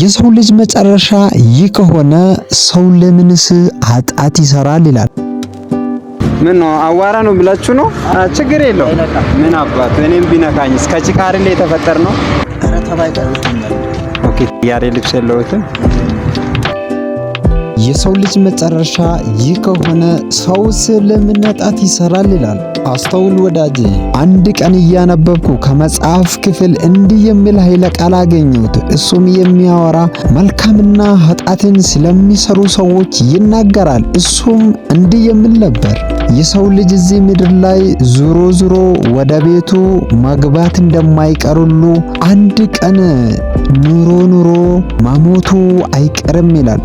የሰው ልጅ መጨረሻ ይህ ከሆነ ሰው ለምንስ ኃጢአት ይሰራል? ይላል። ምን ነው አዋራ ነው ብላችሁ ነው? ችግር የለው። ምን አባቱ እኔም ቢነካኝስ? ከጭካሪ ላይ የተፈጠር ነው። ኧረ ያሬ ልብስ የለውትም የሰው ልጅ መጨረሻ ይህ ከሆነ ሰው ስለምናጣት ይሰራል ይላል። አስተውል ወዳጅ አንድ ቀን እያነበብኩ ከመጽሐፍ ክፍል እንዲህ የሚል ኃይለ ቃል አገኘሁት። እሱም የሚያወራ መልካምና ኃጢአትን ስለሚሰሩ ሰዎች ይናገራል። እሱም እንዲህ የሚል ነበር የሰው ልጅ እዚህ ምድር ላይ ዙሮ ዙሮ ወደ ቤቱ መግባት እንደማይቀርሉ አንድ ቀን ኑሮ ኑሮ መሞቱ አይቀርም ይላል።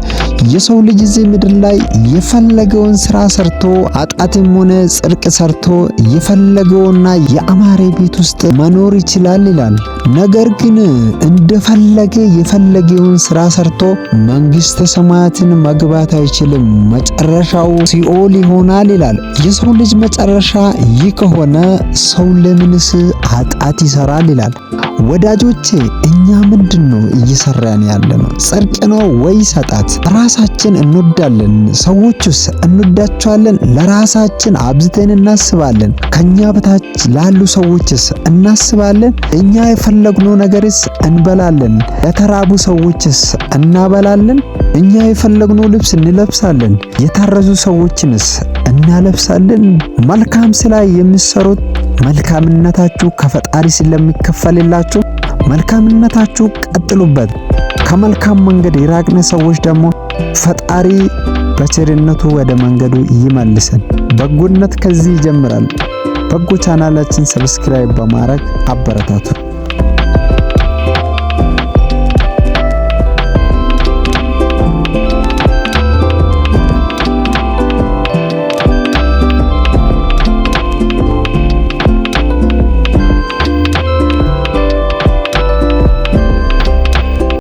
የሰው ልጅ እዚህ ምድር ላይ የፈለገውን ስራ ሰርቶ አጣትም ሆነ ጽድቅ ሰርቶ የፈለገውና የአማረ ቤት ውስጥ መኖር ይችላል ይላል። ነገር ግን እንደፈለገ የፈለገውን ስራ ሰርቶ መንግስተ ሰማያትን መግባት አይችልም፣ መጨረሻው ሲኦል ይሆናል ይላል። የሰው ልጅ መጨረሻ ይህ ከሆነ ሰው ለምንስ አጣት ይሰራል ይላል። ወዳጆቼ እኛ ምንድን ነው እየሰራን ያለ ነው? ጽድቅ ነው ወይ ሰጣት? ራሳችን እንወዳለን፣ ሰዎቹስ እንወዳቸዋለን? ለራሳችን አብዝተን እናስባለን? ከኛ በታች ላሉ ሰዎችስ እናስባለን? እኛ የፈለግነው ነገርስ እንበላለን፣ ለተራቡ ሰዎችስ እናበላለን። እኛ የፈለግነው ልብስ እንለብሳለን፣ የታረዙ ሰዎችንስ እናለብሳለን። መልካም ስራ የምትሰሩት መልካምነታችሁ ከፈጣሪ ስለሚከፈልላችሁ መልካምነታችሁ ቀጥሉበት። ከመልካም መንገድ የራቅነ ሰዎች ደግሞ ፈጣሪ በቸርነቱ ወደ መንገዱ ይመልሰን። በጎነት ከዚህ ይጀምራል። በጎ ቻናላችን ሰብስክራይብ በማድረግ አበረታቱ።